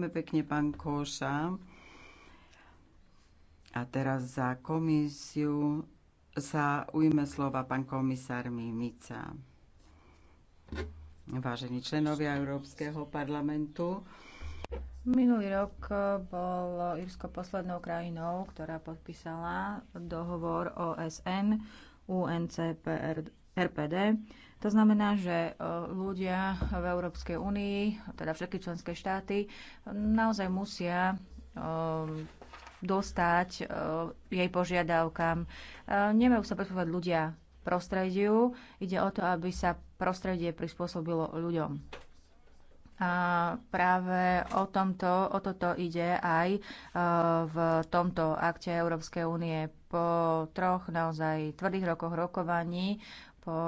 Ďakujeme pekne, pán Koša. A teraz za komisiu sa ujme slova pán komisár Mimica. Vážení členovia Európskeho parlamentu, Minulý rok bol Irsko poslednou krajinou, ktorá podpísala dohovor OSN UNCPR RPD. To znamená, že e, ľudia v Európskej únii, teda všetky členské štáty, naozaj musia e, dostať e, jej požiadavkám. Nemajú sa predpovedať ľudia prostrediu, ide o to, aby sa prostredie prispôsobilo ľuďom. A práve o, tomto, o toto ide aj v tomto akte Európskej únie. Po troch naozaj tvrdých rokoch rokovaní po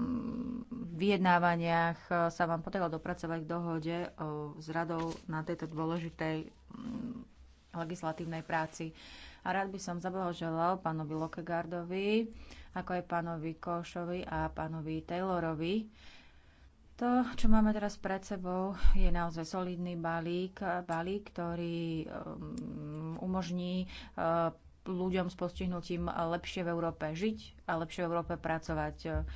mm, vyjednávaniach eh, sa vám podarilo dopracovať k dohode eh, s radou na tejto dôležitej mm, legislatívnej práci. A rád by som zablahoželal pánovi Lokegardovi, ako aj pánovi Košovi a pánovi Taylorovi. To, čo máme teraz pred sebou, je naozaj solidný balík, balík, ktorý um, umožní uh, ľuďom s postihnutím lepšie v Európe žiť a lepšie v Európe pracovať.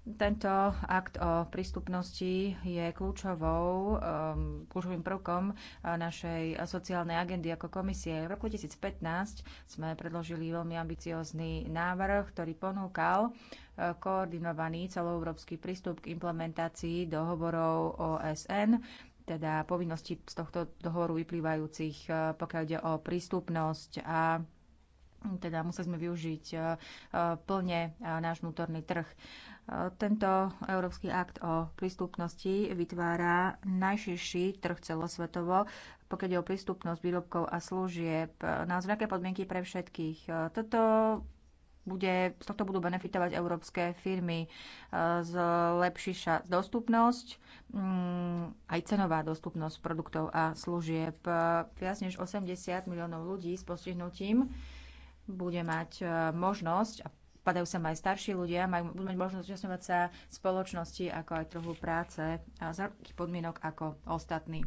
Tento akt o prístupnosti je kľúčovou, um, kľúčovým prvkom našej sociálnej agendy ako komisie. V roku 2015 sme predložili veľmi ambiciózny návrh, ktorý ponúkal uh, koordinovaný celoeurópsky prístup k implementácii dohovorov OSN teda povinnosti z tohto dohovoru vyplývajúcich, uh, pokiaľ ide o prístupnosť a teda museli sme využiť e, e, plne e, náš vnútorný trh. Tento Európsky akt o prístupnosti vytvára najširší trh celosvetovo, pokiaľ je o prístupnosť výrobkov a služieb na zľaké podmienky pre všetkých. Toto bude, z tohto budú benefitovať európske firmy. z lepšíša dostupnosť, mm, aj cenová dostupnosť produktov a služieb. Viac než 80 miliónov ľudí s postihnutím bude mať e, možnosť, a padajú sa aj starší ľudia, majú, budú mať možnosť zúčastňovať sa spoločnosti ako aj trhu práce a za podmienok ako ostatní.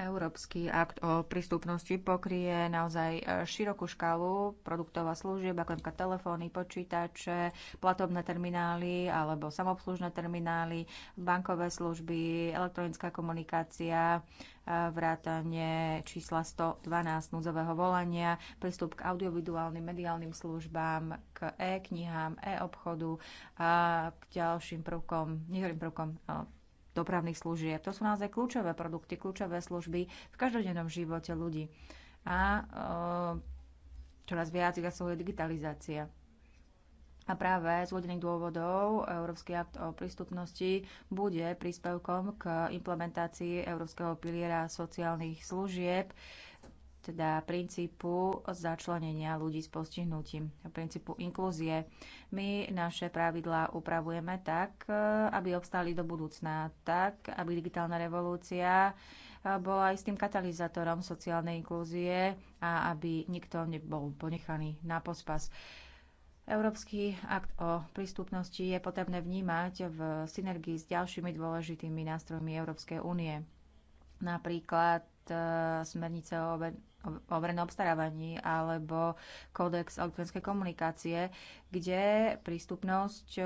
Európsky akt o prístupnosti pokrie naozaj e, širokú škálu produktov a služieb, ako napríklad telefóny, počítače, platobné terminály alebo samobslužné terminály, bankové služby, elektronická komunikácia, e, vrátanie čísla 112 núdzového volania, prístup k audiovizuálnym mediálnym službám, k e-knihám, e-obchodu a k ďalším prvkom, niektorým prvkom no, dopravných služieb. To sú naozaj kľúčové produkty, kľúčové služby v každodennom živote ľudí. A e, čoraz viac ich zasahuje digitalizácia. A práve z uvedených dôvodov Európsky akt o prístupnosti bude príspevkom k implementácii Európskeho piliera sociálnych služieb, teda princípu začlenenia ľudí s postihnutím, princípu inklúzie. My naše pravidlá upravujeme tak, aby obstáli do budúcna, tak, aby digitálna revolúcia bola aj s tým katalizátorom sociálnej inklúzie a aby nikto nebol ponechaný na pospas. Európsky akt o prístupnosti je potrebné vnímať v synergii s ďalšími dôležitými nástrojmi Európskej únie. Napríklad E, smernice o, o verejnom obstarávaní alebo kódex elektronickej komunikácie, kde prístupnosť e,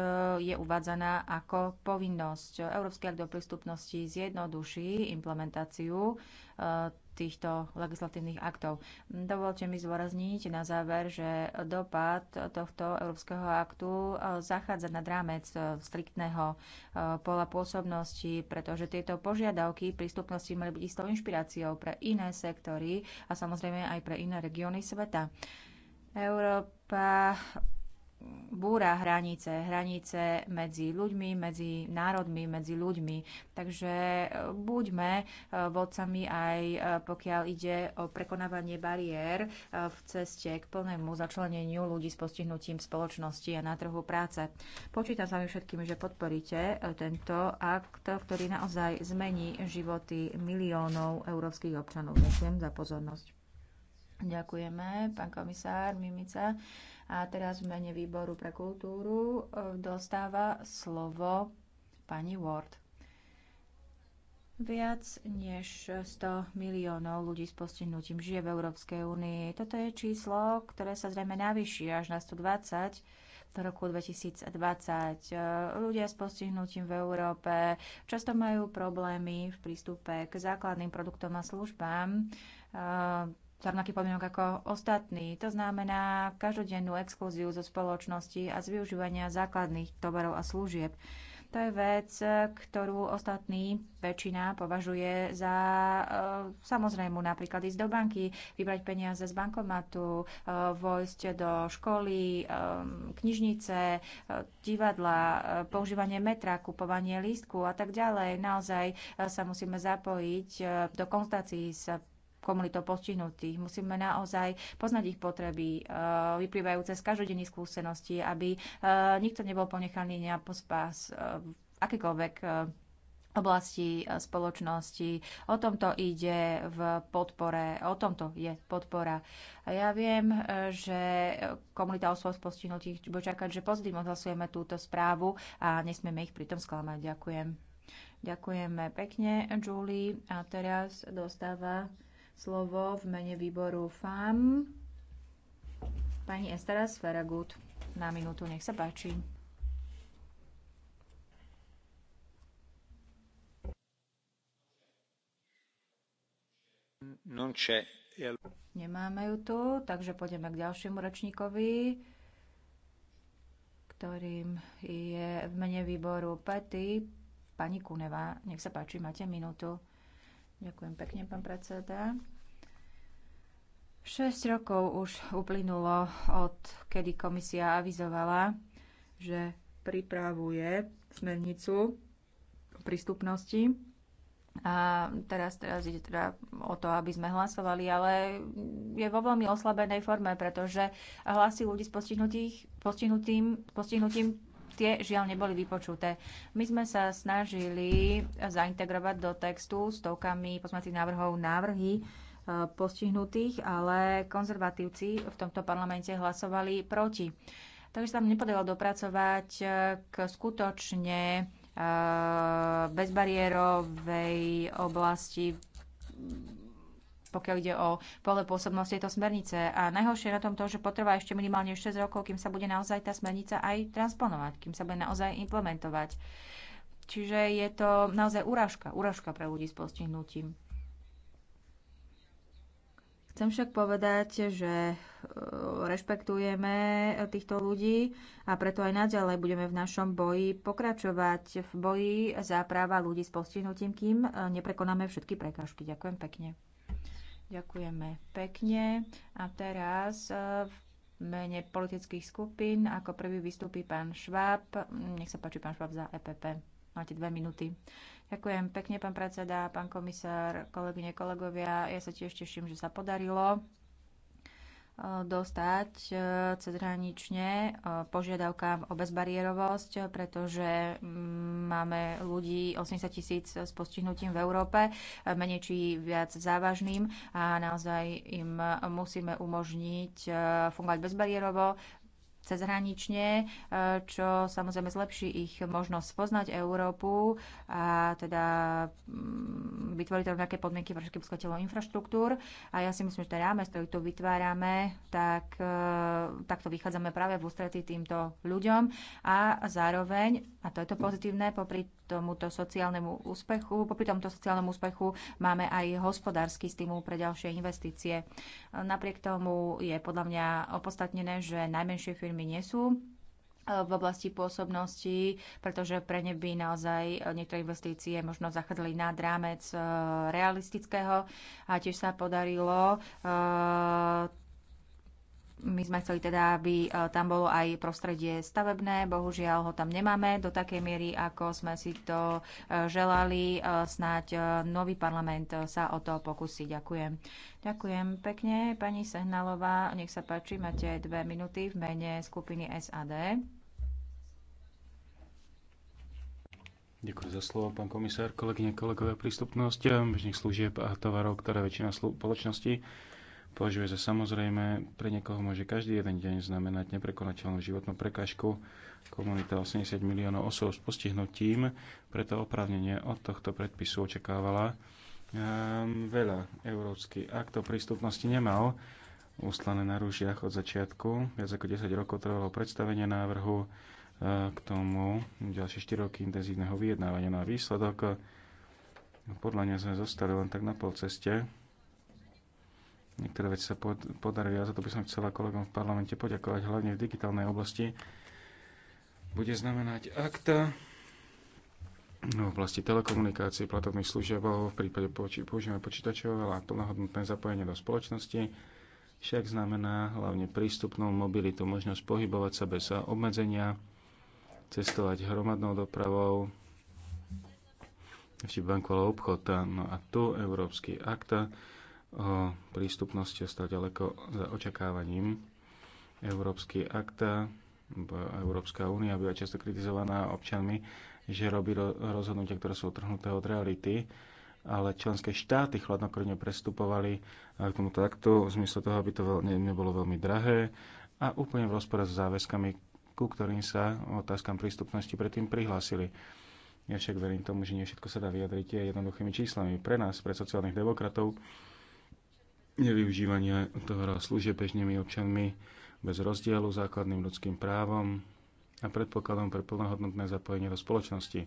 je uvádzaná ako povinnosť. Európsky akt o prístupnosti zjednoduší implementáciu e, týchto legislatívnych aktov. Dovolte mi zdôrazniť na záver, že dopad tohto európskeho aktu e, zachádza nad rámec e, striktného e, pola pôsobnosti, pretože tieto požiadavky prístupnosti mali byť istou inšpiráciou pre iné sektory a samozrejme aj pre iné regióny sveta. Európa búra hranice, hranice medzi ľuďmi, medzi národmi, medzi ľuďmi. Takže e, buďme e, vodcami aj e, pokiaľ ide o prekonávanie bariér v ceste k plnému začleneniu ľudí s postihnutím spoločnosti a na trhu práce. Počítam s vami všetkými, že podporíte tento akt, ktorý naozaj zmení životy miliónov európskych občanov. Ďakujem za pozornosť. Ďakujeme, pán komisár Mimica. A teraz v mene výboru pre kultúru e, dostáva slovo pani Ward. Viac než 100 miliónov ľudí s postihnutím žije v Európskej únii. Toto je číslo, ktoré sa zrejme navýši až na 120 v roku 2020. E, ľudia s postihnutím v Európe často majú problémy v prístupe k základným produktom a službám e, za rovnaký podmienok ako ostatní. To znamená každodennú exkluziu zo spoločnosti a z využívania základných tovarov a služieb. To je vec, ktorú ostatní väčšina považuje za e, samozrejmu, napríklad ísť do banky, vybrať peniaze z bankomatu, e, vojsť do školy, e, knižnice, e, divadla, e, používanie metra, kupovanie lístku a tak ďalej. Naozaj e, sa musíme zapojiť e, do konstatácií s komunitou postihnutých. Musíme naozaj poznať ich potreby, eh, vyplývajúce z každodenných skúseností, aby eh, nikto nebol ponechaný na pospas eh, akékoľvek oblasti spoločnosti. O tomto ide v podpore, o tomto je podpora. A ja viem, že komunita osôb s postihnutých bude čakať, že pozitívne odhlasujeme túto správu a nesmieme ich pritom sklamať. Ďakujem. Ďakujeme pekne, Julie. A teraz dostáva slovo v mene výboru FAM. Pani Estera Sferagut, na minútu, nech sa páči. E Nemáme ju tu, takže pôjdeme k ďalšiemu ročníkovi, ktorým je v mene výboru Pety. Pani Kuneva, nech sa páči, máte minútu. Ďakujem pekne, pán predseda. 6 rokov už uplynulo od kedy komisia avizovala, že pripravuje smernicu o prístupnosti. A teraz, teraz ide teda o to, aby sme hlasovali, ale je vo veľmi oslabenej forme, pretože hlasy ľudí s postihnutým, postihnutým tie žiaľ neboli vypočuté. My sme sa snažili zaintegrovať do textu stovkami pozmacích návrhov návrhy, e, postihnutých, ale konzervatívci v tomto parlamente hlasovali proti. Takže sa nám nepodarilo dopracovať e, k skutočne e, bezbariérovej oblasti pokiaľ ide o pole pôsobnosti tejto smernice. A najhoršie na tom to, že potrvá ešte minimálne 6 rokov, kým sa bude naozaj tá smernica aj transponovať, kým sa bude naozaj implementovať. Čiže je to naozaj úražka, úražka pre ľudí s postihnutím. Chcem však povedať, že e, rešpektujeme týchto ľudí a preto aj naďalej budeme v našom boji pokračovať v boji za práva ľudí s postihnutím, kým e, neprekonáme všetky prekážky. Ďakujem pekne. Ďakujeme pekne. A teraz e, v mene politických skupín ako prvý vystúpi pán Šváb. Nech sa páči pán Šváb za EPP. Máte dve minúty. Ďakujem pekne, pán predseda, pán komisár, kolegyne, kolegovia. Ja sa tiež teším, že sa podarilo E, dostať e, cezhranične e, požiadavkám o bezbariérovosť, pretože mm, máme ľudí 80 tisíc s postihnutím v Európe, menej či viac závažným a naozaj im musíme umožniť fungovať bezbariérovo, cezhranične, e, čo samozrejme zlepší ich možnosť poznať Európu a teda mm, vytvoriť nejaké podmienky pre všetkých poskytovateľov infraštruktúr. A ja si myslím, že ten rámec, ktorý tu vytvárame, tak e, takto vychádzame práve v ústretí týmto ľuďom a zároveň, a to je to pozitívne, popri tomuto sociálnemu úspechu. Popri tomto sociálnom úspechu máme aj hospodársky stimul pre ďalšie investície. Napriek tomu je podľa mňa opodstatnené, že najmenšie firmy nie sú e, v oblasti pôsobnosti, pretože pre ne by naozaj niektoré investície možno zachádzali nad rámec e, realistického a tiež sa podarilo e, my sme chceli teda, aby e, tam bolo aj prostredie stavebné, bohužiaľ ho tam nemáme do takej miery, ako sme si to e, želali. E, snáď nový parlament sa o to pokusí. Ďakujem. Ďakujem pekne, pani Sehnalová. Nech sa páči, máte dve minúty v mene skupiny SAD. Ďakujem za slovo, pán komisár, kolegyne, kolegovia, prístupnosť bežných služieb a tovarov, ktoré väčšina spoločnosti považuje za samozrejme, pre niekoho môže každý jeden deň znamenať neprekonateľnú životnú prekážku, Komunita 80 miliónov osôb s postihnutím, preto oprávnenie od tohto predpisu očakávala um, veľa. Európsky akt o prístupnosti nemal ústlané na rúžiach od začiatku. Viac ako 10 rokov trvalo predstavenie návrhu e, k tomu ďalšie 4 roky intenzívneho vyjednávania. na no výsledok podľa mňa sme zostali len tak na pol ceste niektoré veci sa pod, podarili a za to by som chcela kolegom v parlamente poďakovať, hlavne v digitálnej oblasti. Bude znamenať akta v oblasti telekomunikácie platobných služieb, v prípade poči- používania počítačov a plnohodnotné zapojenie do spoločnosti, však znamená hlavne prístupnú mobilitu, možnosť pohybovať sa bez obmedzenia, cestovať hromadnou dopravou, ešte banku obchod. No a tu Európsky akta o prístupnosti ostal ďaleko za očakávaním. Európsky akta, Európska únia býva často kritizovaná občanmi, že robí rozhodnutia, ktoré sú otrhnuté od reality, ale členské štáty chladnokrvne prestupovali k tomuto aktu v zmysle toho, aby to nebolo veľmi drahé a úplne v rozpore s záväzkami, ku ktorým sa otázkam prístupnosti predtým prihlásili. Ja však verím tomu, že nie všetko sa dá vyjadriť jednoduchými číslami. Pre nás, pre sociálnych demokratov, je využívanie tohoto služieb bežnými občanmi bez rozdielu základným ľudským právom a predpokladom pre plnohodnotné zapojenie do spoločnosti.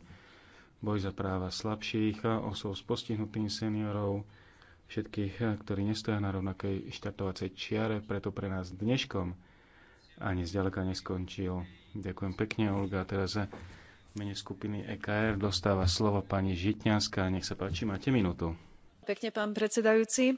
Boj za práva slabších, osôb s postihnutým seniorov, všetkých, ktorí nestoja na rovnakej štartovacej čiare, preto pre nás dneškom ani zďaleka neskončil. Ďakujem pekne, Olga. Teraz mene skupiny EKR dostáva slovo pani Žitňanská. Nech sa páči, máte minútu. Pekne, pán predsedajúci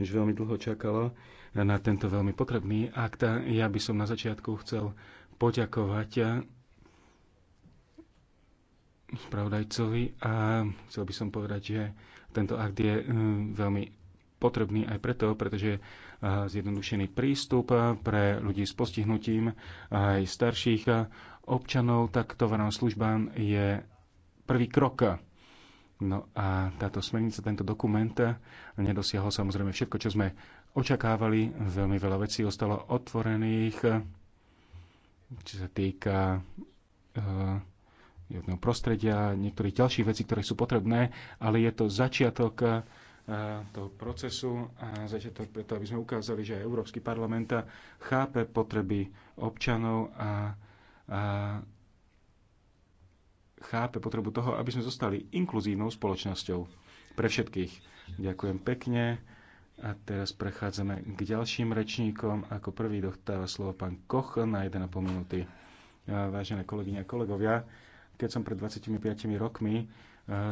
už veľmi dlho čakalo na tento veľmi potrebný akt. Ja by som na začiatku chcel poďakovať spravodajcovi a chcel by som povedať, že tento akt je mm, veľmi potrebný aj preto, pretože zjednodušený prístup pre ľudí s postihnutím aj starších občanov tak tovarná službám je prvý krok No a táto smernica, tento dokument nedosiahol samozrejme všetko, čo sme očakávali. Veľmi veľa vecí ostalo otvorených, čo sa týka životného eh, prostredia, niektorých ďalších vecí, ktoré sú potrebné, ale je to začiatok eh, toho procesu a začiatok preto, aby sme ukázali, že aj Európsky parlament chápe potreby občanov a, a chápe potrebu toho, aby sme zostali inkluzívnou spoločnosťou pre všetkých. Ďakujem pekne. A teraz prechádzame k ďalším rečníkom. Ako prvý dostáva slovo pán Koch na 1,5 minúty. Vážené kolegyne a kolegovia, keď som pred 25 rokmi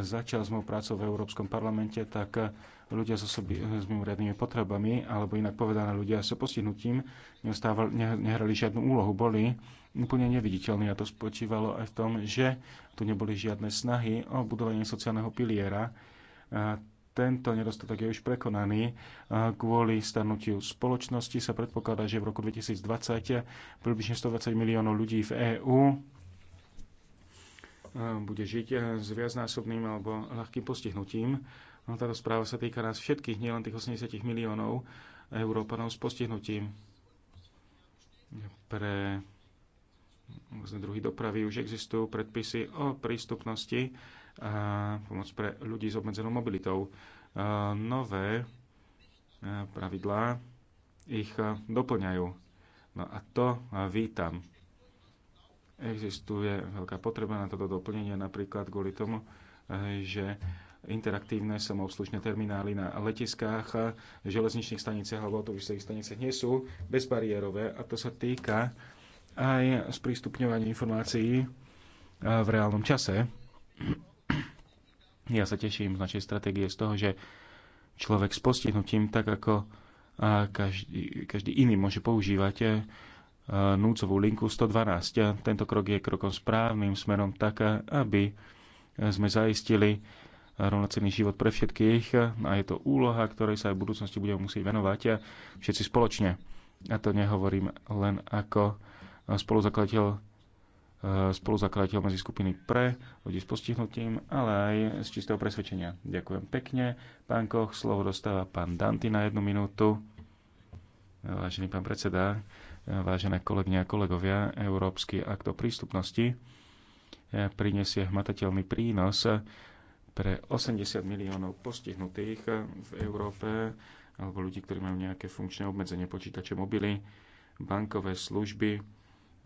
začal s mojou prácou v Európskom parlamente, tak ľudia s, osobi- s mimoriadnými potrebami, alebo inak povedané ľudia s postihnutím, nehrali žiadnu úlohu. Boli úplne neviditeľný a to spočívalo aj v tom, že tu neboli žiadne snahy o budovanie sociálneho piliera. Tento nedostatok je už prekonaný. Kvôli starnutiu spoločnosti sa predpokladá, že v roku 2020 približne 120 miliónov ľudí v EÚ bude žiť s viacnásobným alebo ľahkým postihnutím. No, táto správa sa týka nás všetkých, nielen tých 80 miliónov Európanov s postihnutím. Pre vlastne druhy dopravy. Už existujú predpisy o prístupnosti a pomoc pre ľudí s obmedzenou mobilitou. Nové pravidlá ich doplňajú. No a to vítam. Existuje veľká potreba na toto doplnenie napríklad kvôli tomu, že interaktívne samoobslužné terminály na letiskách, železničných staniciach alebo autobusových staniciach nie sú bezbariérové a to sa týka aj sprístupňovanie informácií eh, v reálnom čase. Ja sa teším z našej stratégie z toho, že človek s postihnutím, tak ako každý, každý iný môže používať eh, núcovú linku 112. Tento krok je krokom správnym smerom tak, aby sme zaistili rovnocenný život pre všetkých a je to úloha, ktorej sa aj v budúcnosti budeme musieť venovať eh, všetci spoločne. A to nehovorím len ako spoluzakladateľ e, spoluzakladateľ medzi skupiny pre ľudí s postihnutím, ale aj z čistého presvedčenia. Ďakujem pekne. Pán Koch, slovo dostáva pán Danty na jednu minútu. Vážený pán predseda, vážené kolegyne a kolegovia, Európsky akt o prístupnosti e, prinesie hmatateľný prínos pre 80 miliónov postihnutých v Európe alebo ľudí, ktorí majú nejaké funkčné obmedzenie počítače, mobily, bankové služby,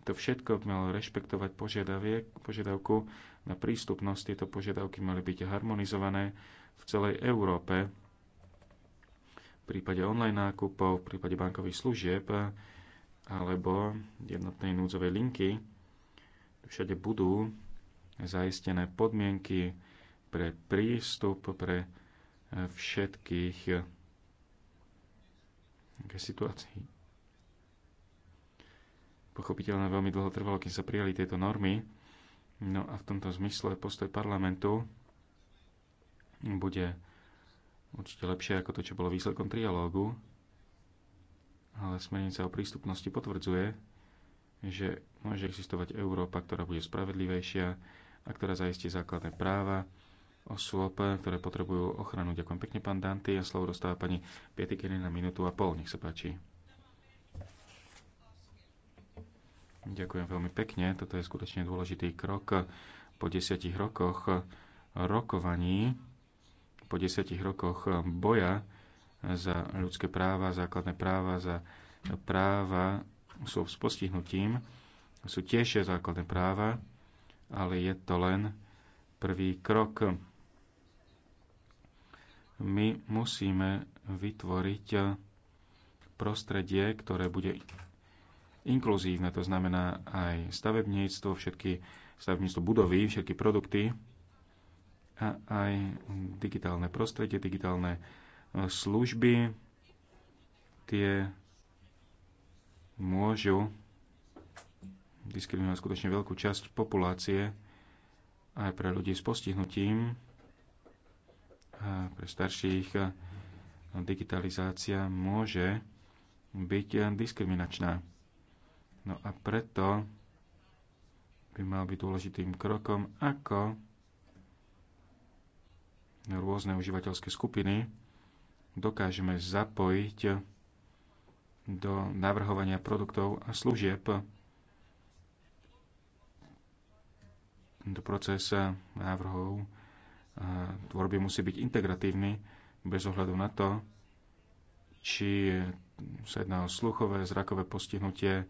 to všetko malo rešpektovať požiadavku na prístupnosť. Tieto požiadavky mali byť harmonizované v celej Európe. V prípade online nákupov, v prípade bankových služieb alebo jednotnej núdzovej linky všade budú zaistené podmienky pre prístup pre eh, všetkých eh, situácií. Pochopiteľne veľmi dlho trvalo, kým sa prijali tieto normy. No a v tomto zmysle postoj parlamentu bude určite lepšie ako to, čo bolo výsledkom trialógu. Ale smernica o prístupnosti potvrdzuje, že môže existovať Európa, ktorá bude spravedlivejšia a ktorá zaistí základné práva osôb, ktoré potrebujú ochranu. Ďakujem pekne, pán Danty. A slovo dostáva pani Pietikiny na minútu a pol. Nech sa páči. Ďakujem veľmi pekne. Toto je skutočne dôležitý krok po desiatich rokoch rokovaní, po desiatich rokoch boja za ľudské práva, základné práva, za práva sú s postihnutím, sú tiež základné práva, ale je to len prvý krok. My musíme vytvoriť prostredie, ktoré bude inkluzívne, to znamená aj stavebníctvo, všetky stavebníctvo budovy, všetky produkty a aj digitálne prostredie, digitálne e, služby, tie môžu diskriminovať skutočne veľkú časť populácie aj pre ľudí s postihnutím, a pre starších digitalizácia môže byť diskriminačná. No a preto by mal byť dôležitým krokom, ako rôzne užívateľské skupiny dokážeme zapojiť do navrhovania produktov a služieb do procesa návrhov tvorby musí byť integratívny bez ohľadu na to, či sa jedná o sluchové, zrakové postihnutie,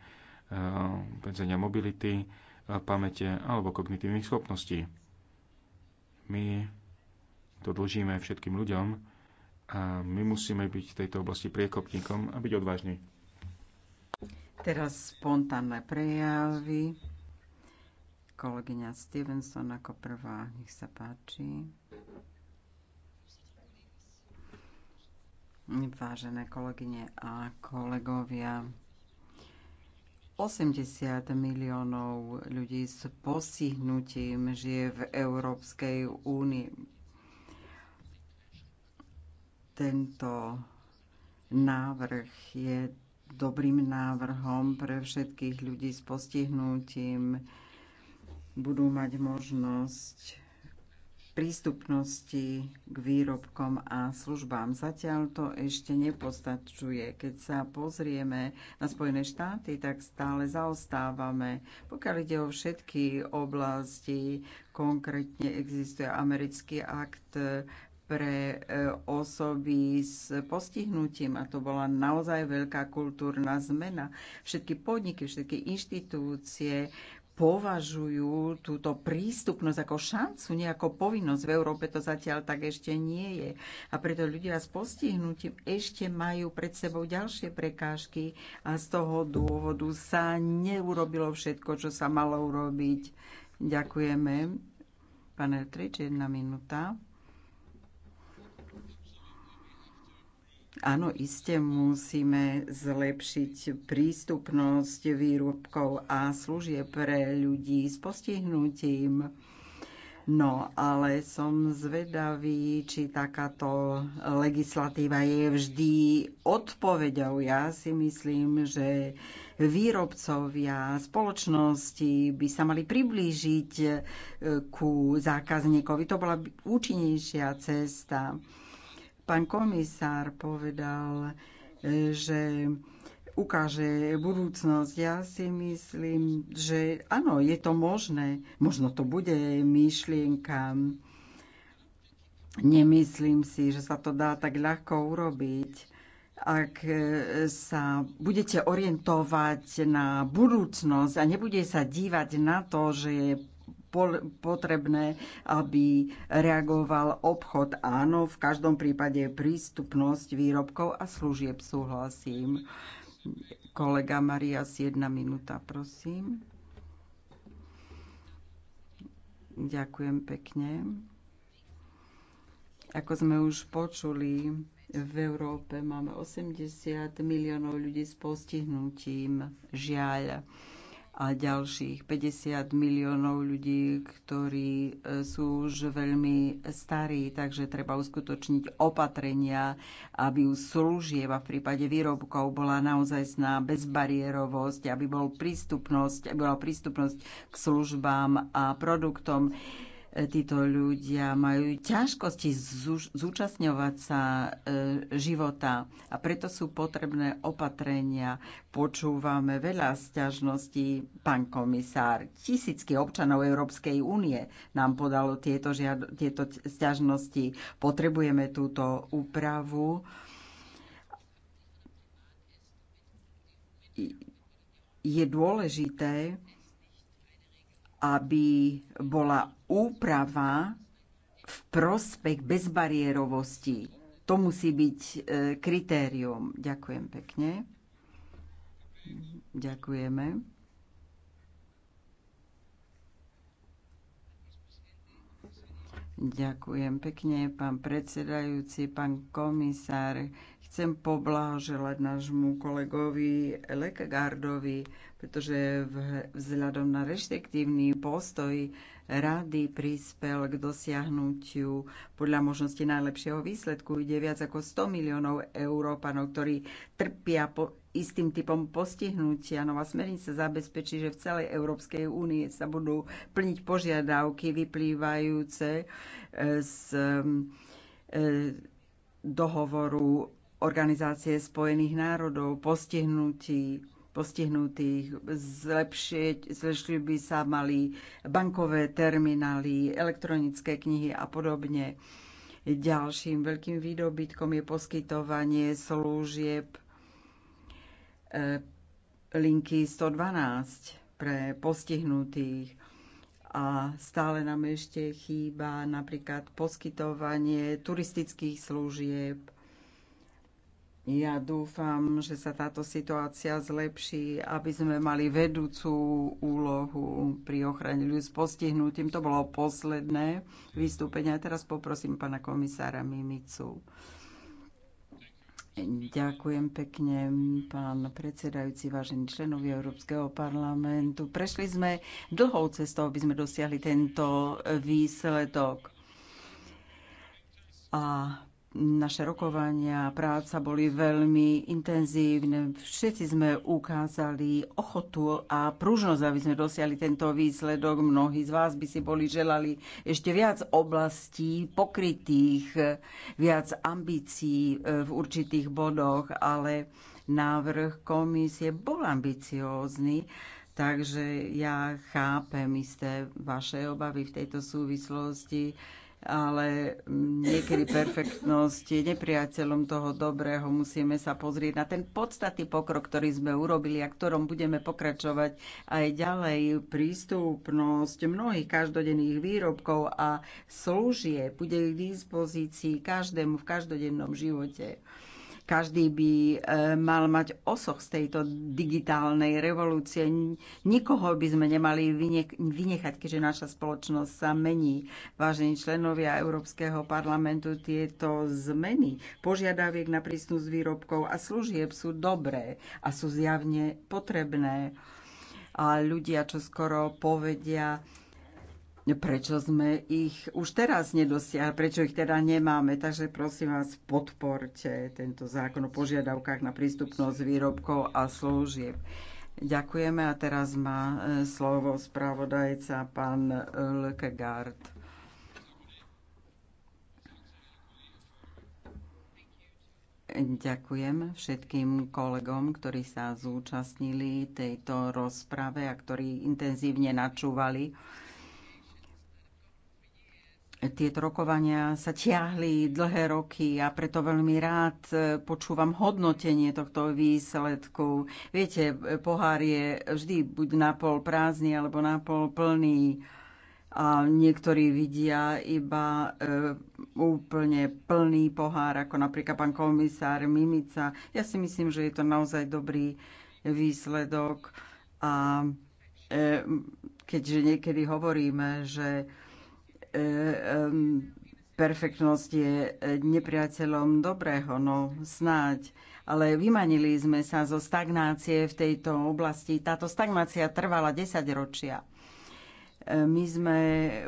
obmedzenia mobility, pamäte alebo kognitívnych schopností. My to dlžíme všetkým ľuďom a my musíme byť v tejto oblasti priekopníkom a byť odvážni. Teraz spontánne prejavy. Kolegyňa Stevenson ako prvá, nech sa páči. Vážené kolegyne a kolegovia, 80 miliónov ľudí s postihnutím žije v Európskej únii. Tento návrh je dobrým návrhom pre všetkých ľudí s postihnutím. Budú mať možnosť prístupnosti k výrobkom a službám. Zatiaľ to ešte nepostačuje. Keď sa pozrieme na Spojené štáty, tak stále zaostávame. Pokiaľ ide o všetky oblasti, konkrétne existuje americký akt pre e, osoby s postihnutím a to bola naozaj veľká kultúrna zmena. Všetky podniky, všetky inštitúcie považujú túto prístupnosť ako šancu, nie ako povinnosť. V Európe to zatiaľ tak ešte nie je. A preto ľudia s postihnutím ešte majú pred sebou ďalšie prekážky a z toho dôvodu sa neurobilo všetko, čo sa malo urobiť. Ďakujeme. Pane Trič, jedna minúta. Áno, iste musíme zlepšiť prístupnosť výrobkov a služie pre ľudí s postihnutím. No, ale som zvedavý, či takáto legislatíva je vždy odpoveďou. Ja si myslím, že výrobcovia, spoločnosti by sa mali priblížiť eh, ku zákazníkovi. To bola účinnejšia cesta. Pán komisár povedal, že ukáže budúcnosť. Ja si myslím, že áno, je to možné. Možno to bude myšlienka. Nemyslím si, že sa to dá tak ľahko urobiť. Ak e, sa budete orientovať na budúcnosť a nebude sa dívať na to, že potrebné, aby reagoval obchod. Áno, v každom prípade prístupnosť výrobkov a služieb súhlasím. Kolega Marias, jedna minúta, prosím. Ďakujem pekne. Ako sme už počuli, v Európe máme 80 miliónov ľudí s postihnutím. Žiaľ a ďalších 50 miliónov ľudí, ktorí e, sú už veľmi starí, takže treba uskutočniť opatrenia, aby u služieb a v prípade výrobkov bola naozaj sná bezbariérovosť, aby, bol prístupnosť, aby bola prístupnosť k službám a produktom títo ľudia majú ťažkosti zúčastňovať sa e, života a preto sú potrebné opatrenia. Počúvame veľa sťažností, pán komisár. Tisícky občanov Európskej únie nám podalo tieto, žiad- tieto sťažnosti. Potrebujeme túto úpravu. Je dôležité, aby bola úprava v prospech bezbariérovosti. To musí byť e, kritérium. Ďakujem pekne. Ďakujeme. Ďakujem pekne, pán predsedajúci, pán komisár. Chcem poblahoželať nášmu kolegovi Lekegardovi pretože vzhľadom na reštektívny postoj rady prispel k dosiahnutiu podľa možnosti najlepšieho výsledku. Ide viac ako 100 miliónov Európanov, ktorí trpia po istým typom postihnutia. Nová smernica zabezpečí, že v celej Európskej únie sa budú plniť požiadavky vyplývajúce e, z e, dohovoru Organizácie spojených národov, postihnutí postihnutých, zlepšiť, zlepšili by sa mali bankové terminály, elektronické knihy a podobne. Ďalším veľkým výdobytkom je poskytovanie služieb e, linky 112 pre postihnutých a stále nám ešte chýba napríklad poskytovanie turistických služieb ja dúfam, že sa táto situácia zlepší, aby sme mali vedúcu úlohu pri ochrane ľudí s postihnutím. To bolo posledné vystúpenie. A teraz poprosím pana komisára Mimicu. Ďakujem pekne, pán predsedajúci, vážení členovia Európskeho parlamentu. Prešli sme dlhou cestou, aby sme dosiahli tento výsledok. A naše rokovania, práca boli veľmi intenzívne. Všetci sme ukázali ochotu a pružnosť, aby sme dosiali tento výsledok. Mnohí z vás by si boli želali ešte viac oblastí pokrytých, viac ambícií e, v určitých bodoch, ale návrh komisie bol ambiciózny. Takže ja chápem isté vaše obavy v tejto súvislosti ale niekedy perfektnosť je nepriateľom toho dobrého. Musíme sa pozrieť na ten podstatný pokrok, ktorý sme urobili a ktorom budeme pokračovať aj ďalej. Prístupnosť mnohých každodenných výrobkov a služie bude k dispozícii každému v každodennom živote. Každý by e, mal mať osoch z tejto digitálnej revolúcie. Nikoho by sme nemali vynechať, keďže naša spoločnosť sa mení. Vážení členovia Európskeho parlamentu, tieto zmeny požiadaviek na prísnosť výrobkov a služieb sú dobré a sú zjavne potrebné. A ľudia, čo skoro povedia, prečo sme ich už teraz nedosiahli, prečo ich teda nemáme. Takže prosím vás, podporte tento zákon o požiadavkách na prístupnosť výrobkov a služieb. Ďakujeme a teraz má e, slovo spravodajca pán e, Lkegaard. Ďakujem všetkým kolegom, ktorí sa zúčastnili tejto rozprave a ktorí intenzívne načúvali tieto rokovania sa ťahli dlhé roky a preto veľmi rád e, počúvam hodnotenie tohto výsledku. Viete, e, pohár je vždy buď napol prázdny alebo napol plný a niektorí vidia iba e, úplne plný pohár, ako napríklad pán komisár Mimica. Ja si myslím, že je to naozaj dobrý výsledok a e, keďže niekedy hovoríme, že E, e, perfektnosť je nepriateľom dobrého, no snáď. Ale vymanili sme sa zo stagnácie v tejto oblasti. Táto stagnácia trvala 10 ročia. E, my sme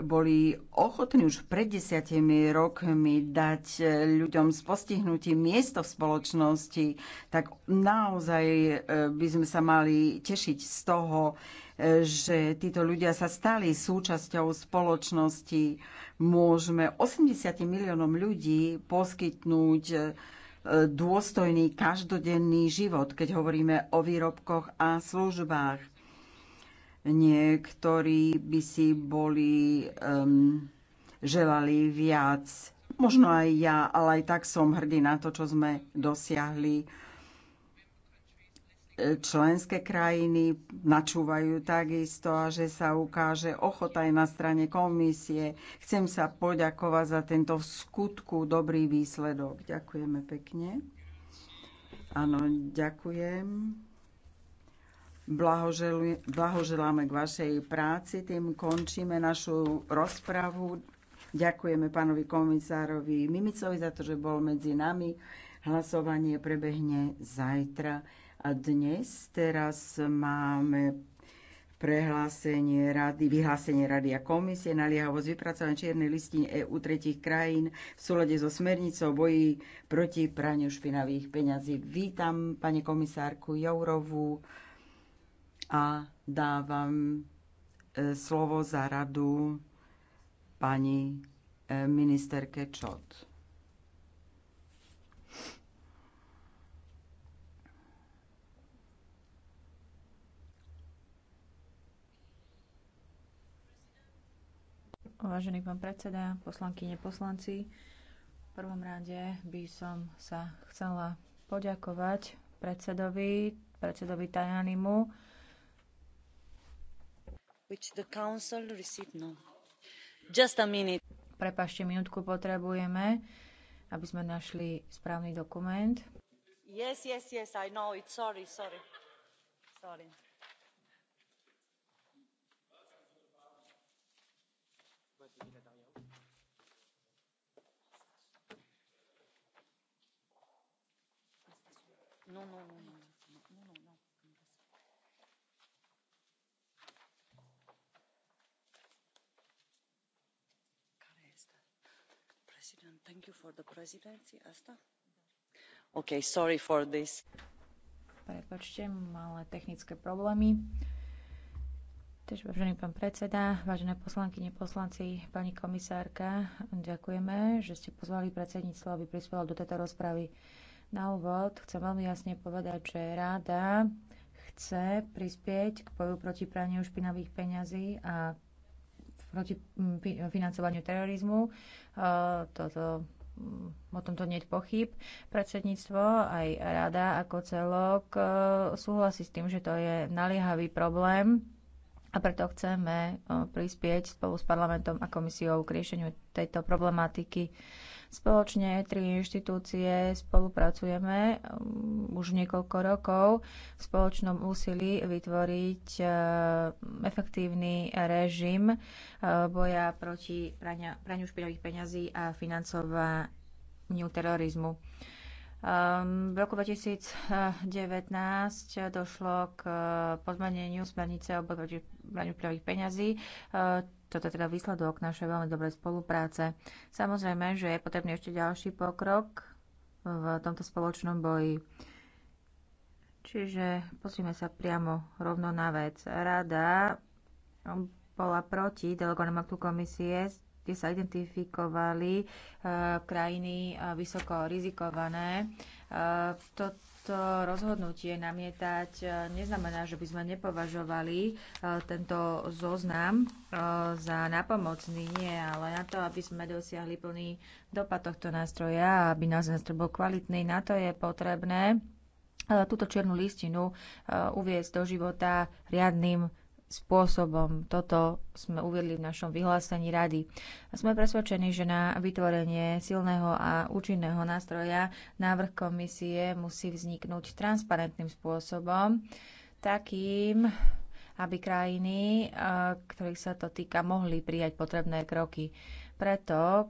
boli ochotní už pred desiatimi rokmi dať ľuďom s postihnutím miesto v spoločnosti, tak naozaj by sme sa mali tešiť z toho, že títo ľudia sa stali súčasťou spoločnosti. Môžeme 80 miliónom ľudí poskytnúť e, dôstojný každodenný život, keď hovoríme o výrobkoch a službách. Niektorí by si boli um, želali viac. Možno aj ja, ale aj tak som hrdý na to, čo sme dosiahli členské krajiny načúvajú takisto a že sa ukáže ochota aj na strane komisie. Chcem sa poďakovať za tento v skutku dobrý výsledok. Ďakujeme pekne. Áno, ďakujem. Blahoželáme k vašej práci. Tým končíme našu rozpravu. Ďakujeme pánovi komisárovi Mimicovi za to, že bol medzi nami. Hlasovanie prebehne zajtra. A dnes teraz máme prehlásenie rady, vyhlásenie rady a komisie na liehavosť vypracovania čiernej listiny EU tretich krajín v súlade so smernicou boji proti praniu špinavých peňazí. Vítam pani komisárku Jourovú a dávam e, slovo za radu pani e, ministerke Čot. Vážený pán predseda, poslankyne, poslanci, v prvom rade by som sa chcela poďakovať predsedovi, predsedovi Tajanimu, which the council received no. Just a minute. Prepašte, minútku potrebujeme, aby sme našli správny dokument. Yes, yes, yes, I know it. Sorry, sorry. Sorry. non non non non thank you for the presidency asta okay sorry for this Prepačte, malé technické problémy. Tiež vážený pán predseda, vážené poslankyne, poslanci, pani komisárka, ďakujeme, že ste pozvali predsedníctvo, aby prispelo do tejto rozpravy. Na úvod chcem veľmi jasne povedať, že rada chce prispieť k boju proti praniu špinavých peňazí a proti financovaniu terorizmu. E, toto, o tomto nie je pochyb. Predsedníctvo aj rada ako celok e, súhlasí s tým, že to je naliehavý problém a preto chceme e, prispieť spolu s parlamentom a komisiou k riešeniu tejto problematiky. Spoločne tri inštitúcie spolupracujeme um, už niekoľko rokov v spoločnom úsilí vytvoriť uh, efektívny režim uh, boja proti praniu špinavých peňazí a financovaniu terorizmu. Ehm, v roku 2019 došlo k eh, pozmeneniu smernice o braniu prvých peňazí. Eh, toto je teda výsledok našej veľmi dobrej spolupráce. Samozrejme, že je potrebný ešte ďalší pokrok v tomto spoločnom boji. Čiže pozrime sa priamo rovno na vec. Rada bola proti delegovanému aktu komisie z kde sa identifikovali e, krajiny e, vysoko rizikované. E, toto rozhodnutie namietať neznamená, že by sme nepovažovali tento zoznam za napomocný. Nie, ale na to, aby sme dosiahli plný dopad tohto nástroja, aby nás nástroj bol kvalitný, na to je potrebné túto čiernu listinu uviezť do života riadným spôsobom. Toto sme uviedli v našom vyhlásení rady. Sme presvedčení, že na vytvorenie silného a účinného nástroja návrh komisie musí vzniknúť transparentným spôsobom, takým, aby krajiny, eh, ktorých sa to týka, mohli prijať potrebné kroky. Preto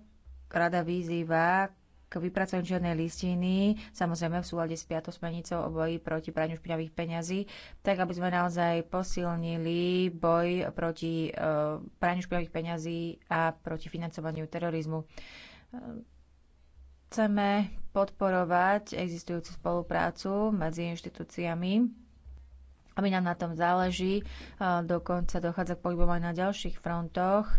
rada vyzýva k vypracovaniu žiadnej listiny, samozrejme v súlade s 5. smernicou o boji proti praniu špinavých peňazí, tak aby sme naozaj posilnili boj proti eh, praniu špinavých peňazí a proti financovaniu terorizmu. Eh, chceme podporovať existujúcu spoluprácu medzi inštitúciami aby nám na tom záleží. Eh, dokonca dochádza k pohybom aj na ďalších frontoch,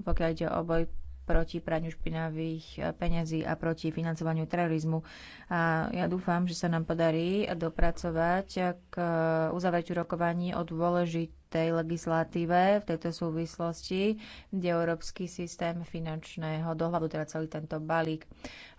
pokiaľ ide o boj proti praniu špinavých eh, peňazí a proti financovaniu terorizmu. A ja dúfam, že sa nám podarí dopracovať eh, k eh, uzavretiu rokovaní o dôležitých tej legislatíve v tejto súvislosti, kde Európsky systém finančného dohľadu, teda celý tento balík.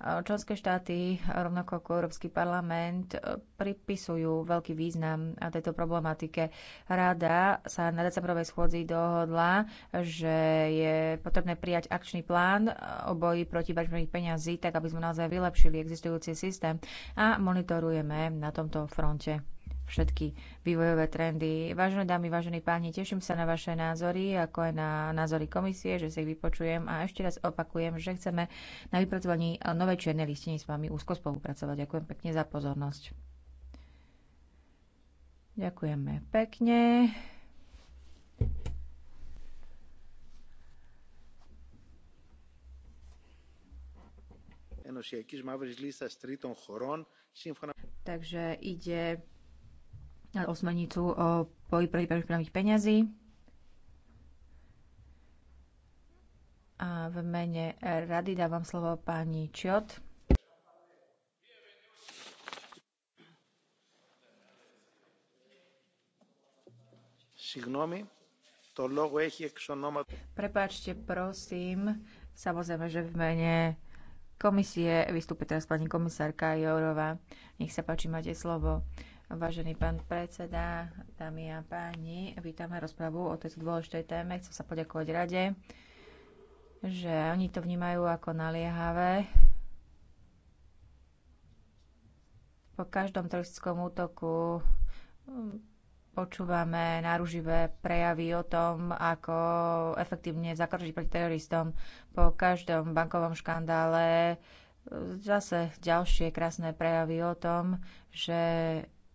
Členské štáty, rovnako ako Európsky parlament, pripisujú veľký význam tejto problematike. Rada sa na decembrovej schôdzi dohodla, že je potrebné prijať akčný plán o boji proti bačbených peňazí, tak aby sme naozaj vylepšili existujúci systém a monitorujeme na tomto fronte všetky vývojové trendy. Vážené dámy, vážení páni, teším sa na vaše názory, ako aj na názory komisie, že si ich vypočujem a ešte raz opakujem, že chceme na vypracovaní novej čiernej listiny s vami úzko spolupracovať. Ďakujem pekne za pozornosť. Ďakujeme pekne. Takže ide o o boji proti peňazí. A v mene rady dávam slovo pani Čiot. Prepáčte, prosím, samozrejme, že v mene komisie vystúpi teraz pani komisárka Jourová. Nech sa páči, máte slovo. Vážený pán predseda, dámy a páni, vítame rozpravu o tejto dôležitej téme. Chcem sa poďakovať rade, že oni to vnímajú ako naliehavé. Po každom teroristickom útoku mm, počúvame náruživé prejavy o tom, ako efektívne zakročiť proti teroristom po každom bankovom škandále. Mm, zase ďalšie krásne prejavy o tom, že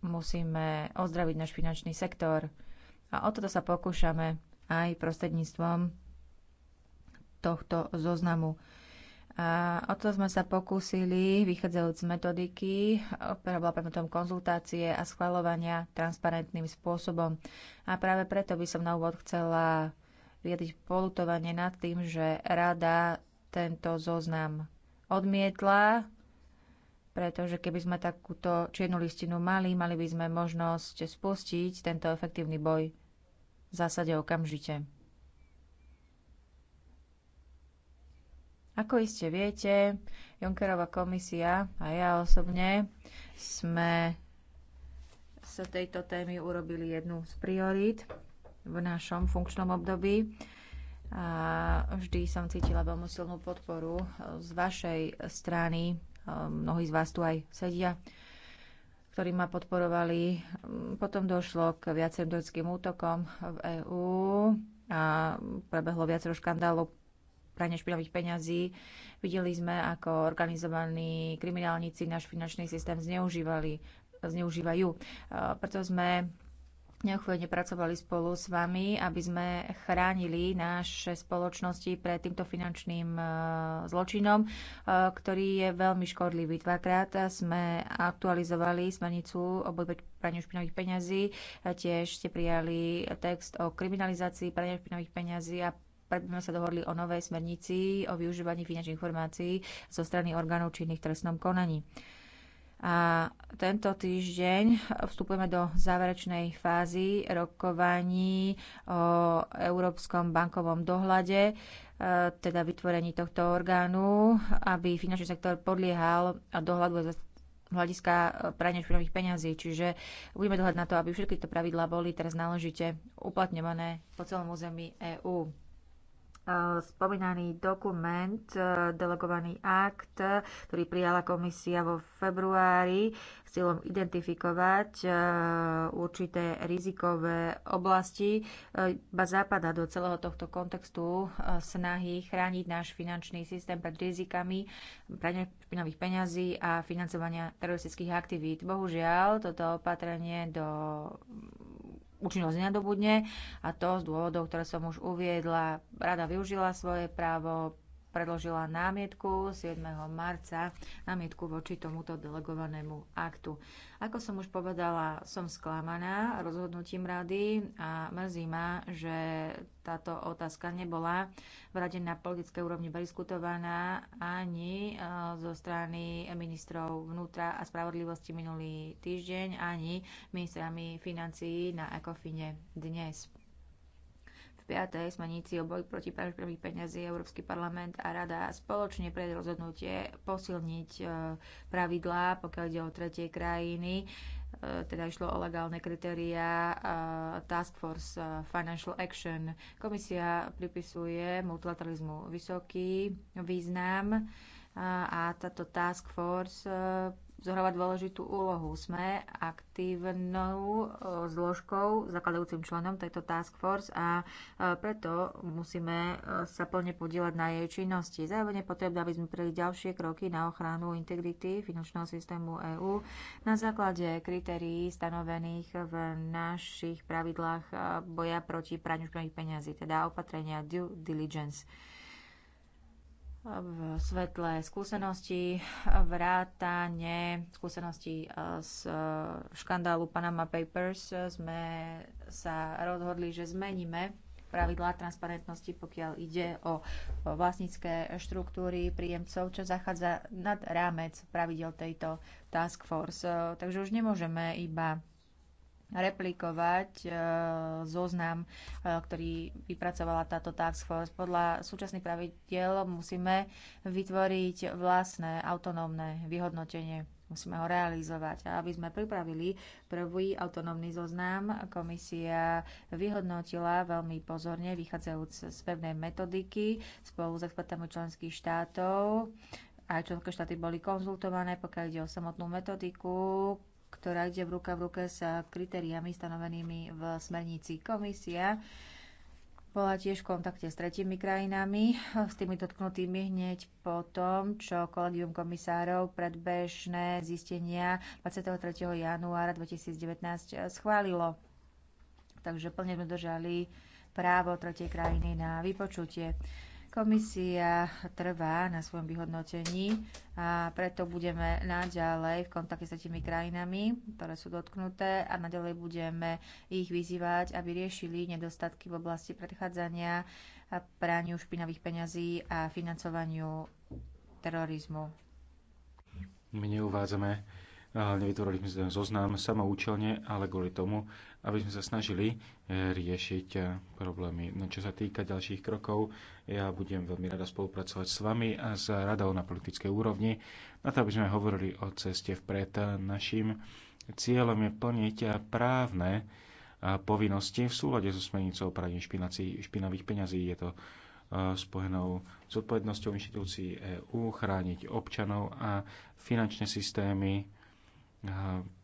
musíme ozdraviť náš finančný sektor. A o toto sa pokúšame aj prostredníctvom tohto zoznamu. A o to sme sa pokúsili, vychádzajúc z metodiky, ktorá bola predmetom konzultácie a schvalovania transparentným spôsobom. A práve preto by som na úvod chcela vyjadriť polutovanie nad tým, že rada tento zoznam odmietla pretože keby sme takúto čiernu listinu mali, mali by sme možnosť spustiť tento efektívny boj v zásade okamžite. Ako iste viete, Junckerová komisia a ja osobne sme sa tejto témy urobili jednu z priorít v našom funkčnom období. A vždy som cítila veľmi silnú podporu z vašej strany Ehm, mnohí z vás tu aj sedia, ktorí ma podporovali. Ehm, potom došlo k viacerým dojdským útokom v EÚ a prebehlo viacero škandálov prania špinavých peňazí. Videli sme, ako organizovaní kriminálnici náš finančný systém zneužívali, zneužívajú. Ehm, preto sme neochvejne pracovali spolu s vami, aby sme chránili naše spoločnosti pred týmto finančným e, zločinom, e, ktorý je veľmi škodlivý. Dvakrát sme aktualizovali smernicu o boji praniu špinavých peňazí, e, tiež ste prijali text o kriminalizácii prania špinavých peňazí a sme sa dohodli o novej smernici o využívaní finančných informácií zo strany orgánov činných trestnom konaní. A tento týždeň vstupujeme do záverečnej fázy rokovaní o Európskom bankovom dohľade, e, teda vytvorení tohto orgánu, aby finančný sektor podliehal dohľadu hľadiska e, prania špinavých peňazí. Čiže budeme dohľad na to, aby všetky tieto pravidlá boli teraz náležite uplatňované po celom území EÚ. Eh, spomínaný dokument, eh, delegovaný akt, ktorý prijala komisia vo februári s cieľom identifikovať eh, určité rizikové oblasti, iba zapadá do celého tohto kontextu snahy chrániť náš finančný systém pred rizikami špinavých peňazí a financovania teroristických aktivít. Bohužiaľ, toto opatrenie do účinnosť nenadobudne a to z dôvodov, ktoré som už uviedla. Rada využila svoje právo, predložila námietku 7. marca, námietku voči tomuto delegovanému aktu. Ako som už povedala, som sklamaná rozhodnutím rady a mrzí ma, že táto otázka nebola v rade na politické úrovni prediskutovaná ani e, zo strany ministrov vnútra a spravodlivosti minulý týždeň, ani ministrami financií na ECOFINE dnes. 5. smernici o boji proti praniu peňazí Európsky parlament a Rada spoločne pred rozhodnutie posilniť e, pravidlá, pokiaľ ide o tretie krajiny, e, teda išlo o legálne kritéria, e, Task Force Financial Action. Komisia pripisuje multilateralizmu vysoký význam a táto Task Force zohrávať dôležitú úlohu. Sme aktívnou e, zložkou, zakladajúcim členom tejto task force a e, preto musíme e, sa plne podielať na jej činnosti. Zároveň je potrebné, aby sme prijeli ďalšie kroky na ochranu integrity finančného systému EÚ na základe kritérií stanovených v našich pravidlách boja proti praniu špinavých peňazí, teda opatrenia due diligence v svetle skúseností vrátane skúseností eh, z škandálu Panama Papers eh, sme sa rozhodli, že zmeníme pravidlá transparentnosti, pokiaľ ide o vlastnícke štruktúry príjemcov, čo zachádza nad rámec pravidel tejto task force. Eh, takže už nemôžeme iba replikovať e, zoznam, e, ktorý vypracovala táto task force. Podľa súčasných pravidiel musíme vytvoriť vlastné autonómne vyhodnotenie musíme ho realizovať. A aby sme pripravili prvý autonómny zoznam, komisia vyhodnotila veľmi pozorne, vychádzajúc z pevnej metodiky spolu s expertami členských štátov. Aj členské štáty boli konzultované, pokiaľ ide o samotnú metodiku, ktorá ide v ruka v ruke s kritériami stanovenými v smernici komisia. Bola tiež v kontakte s tretimi krajinami, s tými dotknutými hneď po tom, čo kolegium komisárov predbežné zistenia 23. januára 2019 schválilo. Takže plne dodržali právo tretej krajiny na vypočutie. Komisia trvá na svojom vyhodnotení a preto budeme naďalej v kontakte s tými krajinami, ktoré sú dotknuté a naďalej budeme ich vyzývať, aby riešili nedostatky v oblasti predchádzania, a praniu špinavých peňazí a financovaniu terorizmu. My neuvádzame, nevytvorili sme zoznam samoučelne, ale kvôli tomu, aby sme sa snažili eh, riešiť eh, problémy. No, čo sa týka ďalších krokov, ja budem veľmi rada spolupracovať s vami a s radou na politickej úrovni, na to, aby sme hovorili o ceste vpred. Našim cieľom je plniť eh, právne povinnosti v súlade so smernicou o praní špinavých peňazí. Je to spojenou s odpovednosťou inštitúcií EÚ chrániť občanov a finančné systémy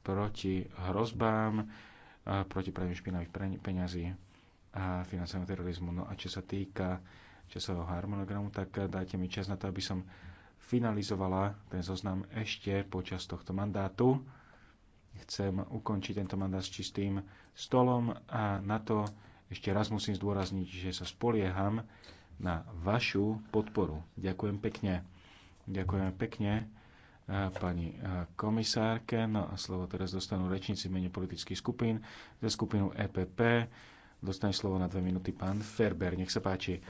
proti hrozbám, proti praniu špinavých peňazí a financovaniu terorizmu. No a čo sa týka časového harmonogramu, tak dajte mi čas na to, aby som finalizovala ten zoznam ešte počas tohto mandátu. Chcem ukončiť tento mandát s čistým stolom a na to ešte raz musím zdôrazniť, že sa spolieham na vašu podporu. Ďakujem pekne. Ďakujem pekne pani komisárke. No a slovo teraz dostanú rečníci v mene politických skupín. Za skupinu EPP dostane slovo na dve minúty pán Ferber. Nech sa páči.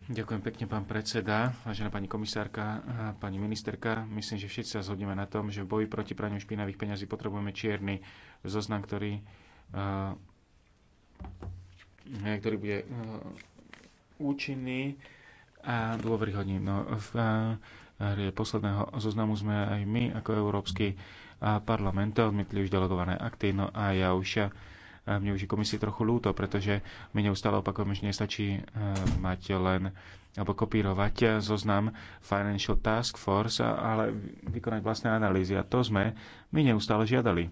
Ďakujem pekne, pán predseda, vážená pani komisárka, pani ministerka. Myslím, že všetci sa zhodneme na tom, že v boji proti praniu špinavých peňazí potrebujeme čierny zoznam, ktorý, ktorý bude účinný a dôveryhodní. No, v eh, hre posledného zoznamu sme aj my ako Európsky eh, parlament odmietli už delegované akty, no a ja už a eh, mne už je komisie trochu ľúto, pretože my neustále opakujeme, že nestačí mať len alebo kopírovať zoznam Financial Task Force, ale vykonať vlastné analýzy. A to sme my neustále žiadali.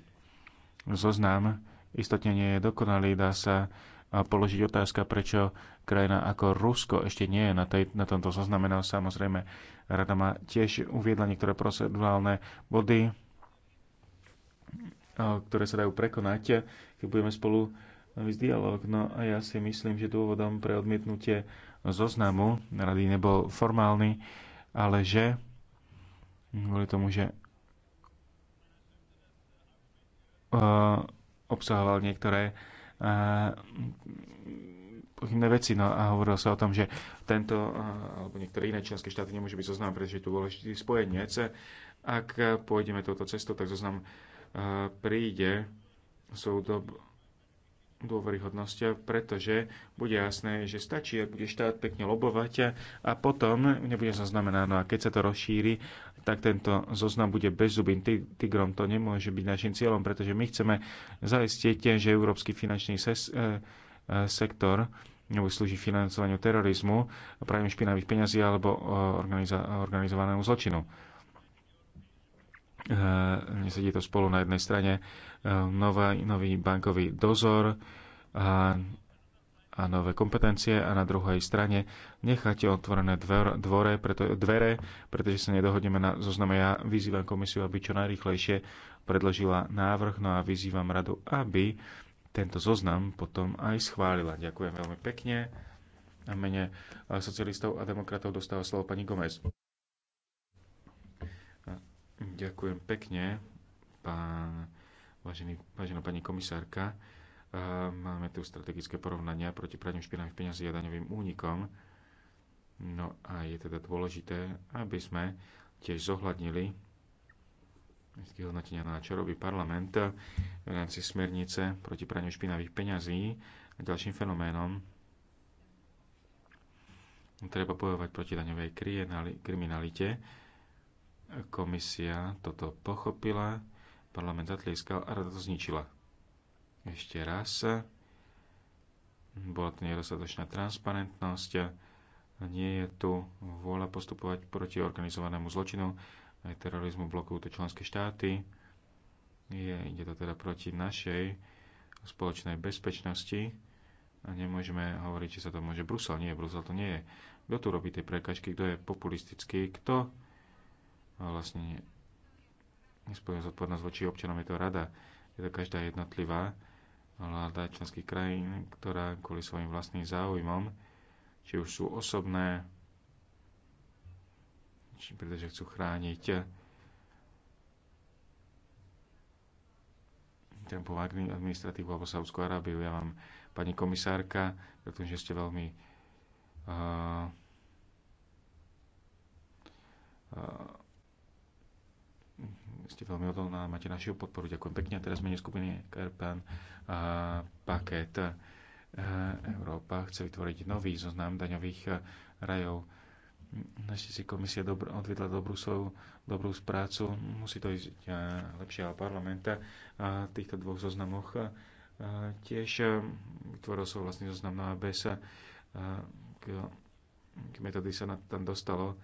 Zoznam istotne nie je dokonalý, dá sa položiť otázka, prečo krajina ako Rusko ešte nie je na, tej, na tomto zozname. No, samozrejme, rada ma tiež uviedla niektoré procedurálne body, ktoré sa dajú prekonať, keď budeme spolu viesť dialog. No a ja si myslím, že dôvodom pre odmietnutie zoznamu rady nebol formálny, ale že kvôli tomu, že obsahoval niektoré pochybné veci. No a hovorilo sa o tom, že tento alebo niektoré iné členské štáty nemôžu byť zoznam, pretože tu dôležitý spojeniec. Ak pôjdeme touto cestou, tak zoznam príde svojou dôveryhodnosť, pretože bude jasné, že stačí, ak bude štát pekne lobovať a potom nebude zaznamená. No a keď sa to rozšíri, tak tento zoznam bude bezzubým tigrom. To nemôže byť našim cieľom, pretože my chceme zaistiť, že európsky finančný ses, e, e, sektor nebo slúži financovaniu terorizmu, praniu špinavých peňazí alebo e, organiza- organizovanému zločinu. Eh, nesedí to spolu na jednej strane eh, nová, nový bankový dozor a, a nové kompetencie a na druhej strane necháte otvorené dvere, dvore, preto, dvere, pretože sa nedohodneme na zozname. Ja vyzývam komisiu, aby čo najrychlejšie predložila návrh, no a vyzývam radu, aby tento zoznam potom aj schválila. Ďakujem veľmi pekne. A mene eh, socialistov a demokratov dostáva slovo pani Gomez. Ďakujem pekne, pán, vážený, vážená pani komisárka. Máme tu strategické porovnania proti praniu špinavých peňazí a daňovým únikom. No a je teda dôležité, aby sme tiež zohľadnili hodnotenia na no čo robí parlament v rámci smernice proti praniu špinavých peňazí a ďalším fenoménom treba bojovať proti daňovej kriminalite Komisia toto pochopila, parlament zatlieskal a rada to zničila. Ešte raz, bola to nedostatočná transparentnosť, nie je tu vôľa postupovať proti organizovanému zločinu, aj terorizmu blokujú to členské štáty. Je, ide to teda proti našej spoločnej bezpečnosti a nemôžeme hovoriť, či sa to môže Brusel. Nie, Brusel to nie je. Kto tu robí tie prekažky, kto je populistický, kto vlastne nespojujú zodpovednosť voči občanom. Je to rada, je to každá jednotlivá vláda členských krajín, ktorá kvôli svojim vlastným záujmom, či už sú osobné, či pretože chcú chrániť Trumpovú administratívu alebo Saudskú Arábiu. Ja vám, pani komisárka, pretože ste veľmi uh, uh, ste veľmi odolná, máte našu podporu. Ďakujem pekne. A teraz menej skupiny Karpan a paket Európa chce vytvoriť nový zoznam daňových rajov. Našťastie si komisia dobro, odvedla dobrú, svoju, dobrú prácu. Musí to ísť lepšie ale parlamenta. A týchto dvoch zoznamoch a tiež vytvoril svoj vlastný zoznam na no ABS. K, k metódy sa tam dostalo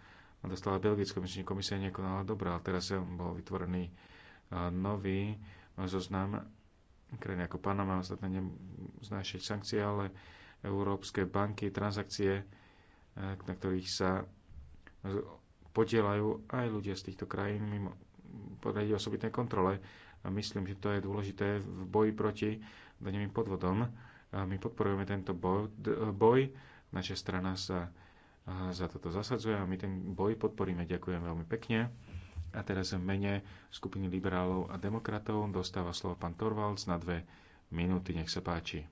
a dostala Belgická menšina komisia nekonala dobrá, ale teraz bol vytvorený nový e, zoznam krajiny ako Panama, ostatné neznášať sankcie, ale európske banky, transakcie, e, na ktorých sa podielajú aj ľudia z týchto krajín mimo podľa osobitnej kontrole. A myslím, že to je dôležité v boji proti daňovým podvodom. A my podporujeme tento boj. boj. Naša strana sa za toto zasadzuje a my ten boj podporíme. Ďakujem veľmi pekne. A teraz v mene skupiny liberálov a demokratov dostáva slovo pán Torvalds na dve minúty. Nech sa páči.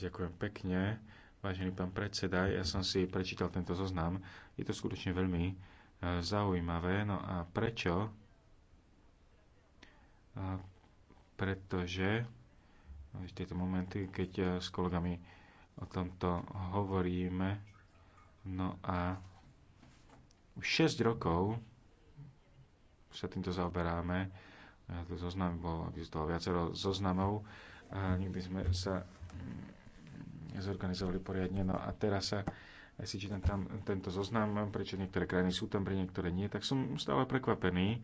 Ďakujem pekne. Vážený pán predseda, ja som si prečítal tento zoznam. Je to skutočne veľmi e, zaujímavé. No a prečo? Pretože tieto momenty, keď eh, s kolegami o tomto hovoríme. No a už 6 rokov sa týmto zaoberáme. To zoznam bol, existovalo viacero zoznamov. A nikdy sme sa mm, zorganizovali poriadne. No a teraz sa ja si čítam tam tento zoznam, prečo niektoré krajiny sú tam, pre niektoré nie, tak som stále prekvapený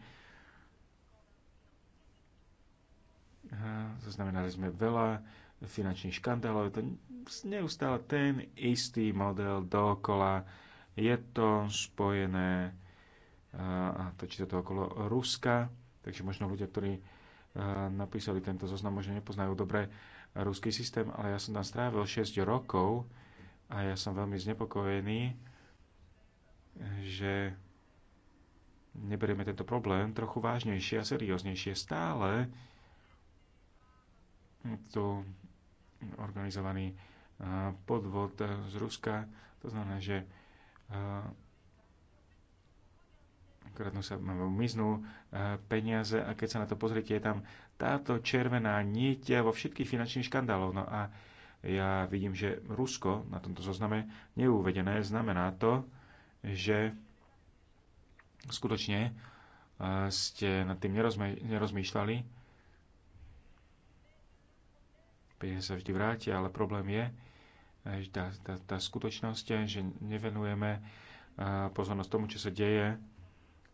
Zaznamenali sme veľa finančných škandálov. Je to neustále ten istý model dokola. Je to spojené a točí sa to okolo Ruska, takže možno ľudia, ktorí napísali tento zoznam, možno nepoznajú dobre ruský systém, ale ja som tam strávil 6 rokov a ja som veľmi znepokojený, že neberieme tento problém trochu vážnejšie a serióznejšie. Stále tu organizovaný eh, podvod eh, z Ruska. To znamená, že eh, kradnú sa, miznú peniaze a keď sa na to pozrite, je tam táto červená niť vo všetkých finančných škandáloch. No a ja vidím, že Rusko na tomto zozname neuvedené znamená to, že skutočne ste nad tým nerozmýšľali peniaze sa vždy vráti, ale problém je že tá, tá, tá skutočnosť, že nevenujeme pozornosť tomu, čo sa deje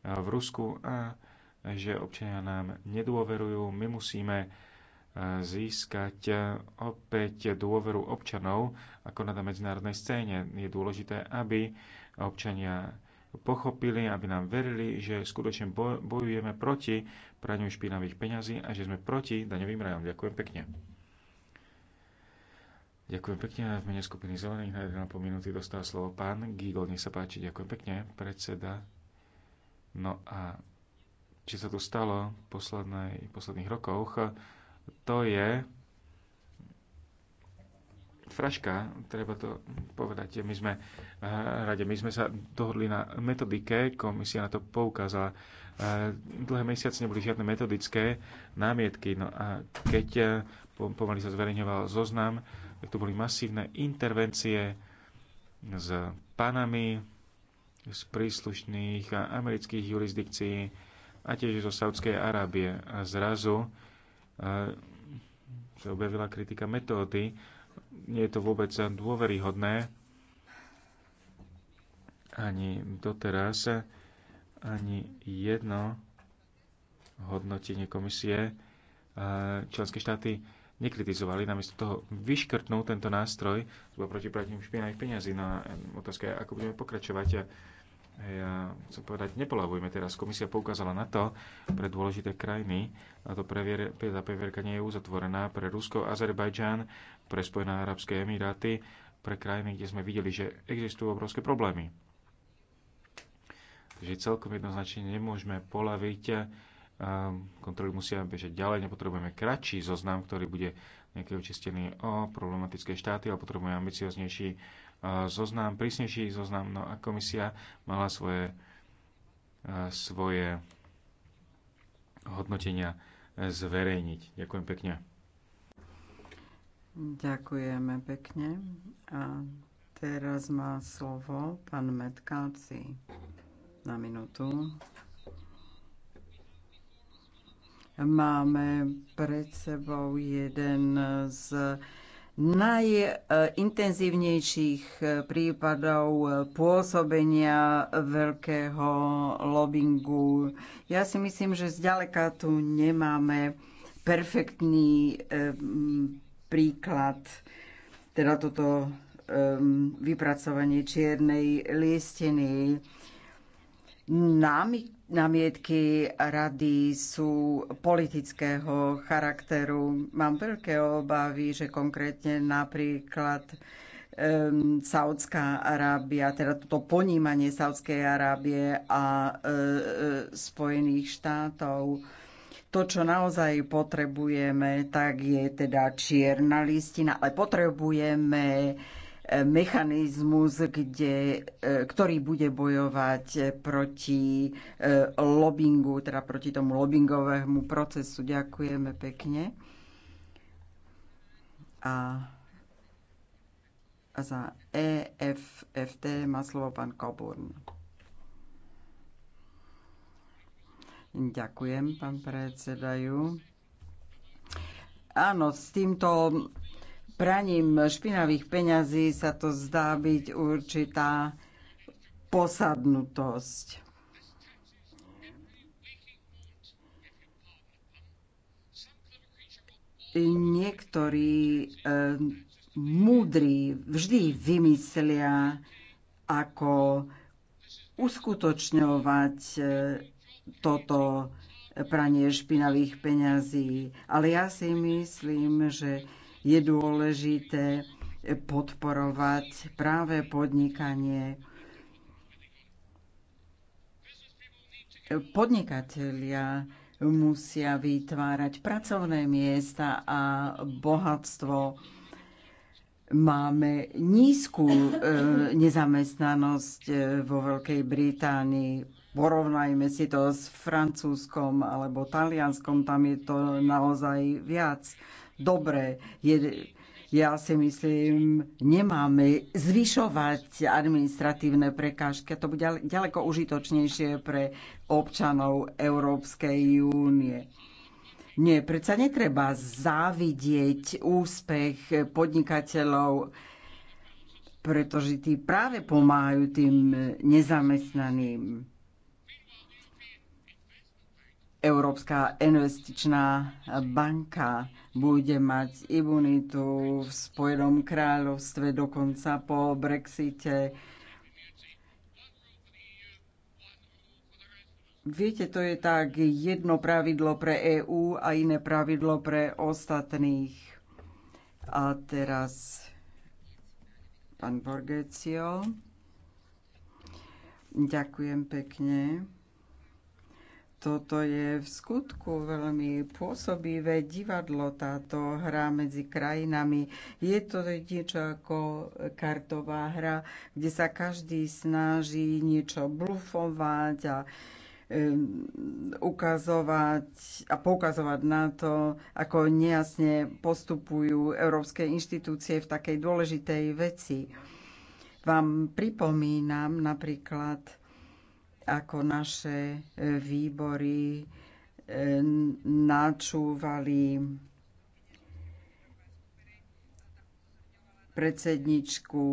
v Rusku a že občania nám nedôverujú. My musíme získať opäť dôveru občanov, ako na medzinárodnej scéne. Je dôležité, aby občania pochopili, aby nám verili, že skutočne bojujeme proti praniu špinavých peňazí a že sme proti daňovým rajom. Ďakujem pekne. Ďakujem pekne. V mene skupiny Zelených na 1,5 minúty dostal slovo pán Gigol. Nech sa páči. Ďakujem pekne, predseda. No a či sa tu stalo v posledných rokoch, to je fraška, treba to povedať. My sme, eh, rade, my sme sa dohodli na metodike, komisia na to poukázala. Eh, dlhé mesiace neboli žiadne metodické námietky. No a keď eh, pomaly sa zverejňoval zoznam tak boli masívne intervencie s panami z príslušných amerických jurisdikcií a tiež zo Saudskej Arábie. A zrazu e, sa objavila kritika metódy. Nie je to vôbec dôveryhodné ani doteraz, ani jedno hodnotenie komisie. Členské štáty nekritizovali, namiesto toho vyškrtnú tento nástroj lebo proti pratím špinavých peňazí. No a otázka je, ako budeme pokračovať. A ja chcem povedať, nepolavujme teraz. Komisia poukázala na to pre dôležité krajiny, a to previer, previerka nie je uzatvorená pre Rusko, Azerbajdžan, pre Spojené arabské emiráty, pre krajiny, kde sme videli, že existujú obrovské problémy. Takže celkom jednoznačne nemôžeme polaviť kontroly musia bežať ďalej, nepotrebujeme kratší zoznam, ktorý bude nejaký očistený o problematické štáty, ale potrebujeme ambicioznejší e, zoznam, prísnejší zoznam. No a komisia mala svoje, e, svoje hodnotenia e, zverejniť. Ďakujem pekne. Ďakujeme pekne. A teraz má slovo pán Metkáci na minútu. Máme pred sebou jeden z najintenzívnejších eh, prípadov pôsobenia veľkého lobingu. Ja si myslím, že zďaleka tu nemáme perfektný eh, príklad, teda toto eh, vypracovanie čiernej listiny. Námi Namietky rady sú politického charakteru. Mám veľké obavy, že konkrétne napríklad um, Saudská Arábia, teda toto ponímanie Saudskej Arábie a uh, Spojených štátov, to, čo naozaj potrebujeme, tak je teda čierna listina, ale potrebujeme mechanizmus, kde, e, ktorý bude bojovať e, proti e, lobbingu, teda proti tomu lobbingovému procesu. Ďakujeme pekne. A, a za EFFT má slovo pán Koburn. Ďakujem, pán predsedajú. Áno, s týmto praním špinavých peňazí sa to zdá byť určitá posadnutosť. Niektorí e, múdri vždy vymyslia, ako uskutočňovať e, toto pranie špinavých peňazí. Ale ja si myslím, že je dôležité podporovať práve podnikanie. Podnikatelia musia vytvárať pracovné miesta a bohatstvo. Máme nízku e, nezamestnanosť e, vo Veľkej Británii. Porovnajme si to s Francúzskom alebo Talianskom, tam je to naozaj viac dobré. Je, ja si myslím, nemáme zvyšovať administratívne prekážky. To bude ďaleko užitočnejšie pre občanov Európskej únie. Nie, predsa netreba závidieť úspech podnikateľov, pretože tí práve pomáhajú tým nezamestnaným. Európska investičná banka bude mať imunitu v Spojenom kráľovstve dokonca po Brexite. Viete, to je tak jedno pravidlo pre EÚ a iné pravidlo pre ostatných. A teraz pán Borgecio. Ďakujem pekne. Toto je v skutku veľmi pôsobivé divadlo, táto hra medzi krajinami. Je to niečo ako kartová hra, kde sa každý snaží niečo blufovať a ukazovať a poukazovať na to, ako nejasne postupujú európske inštitúcie v takej dôležitej veci. Vám pripomínam napríklad ako naše e, výbory e, načúvali predsedničku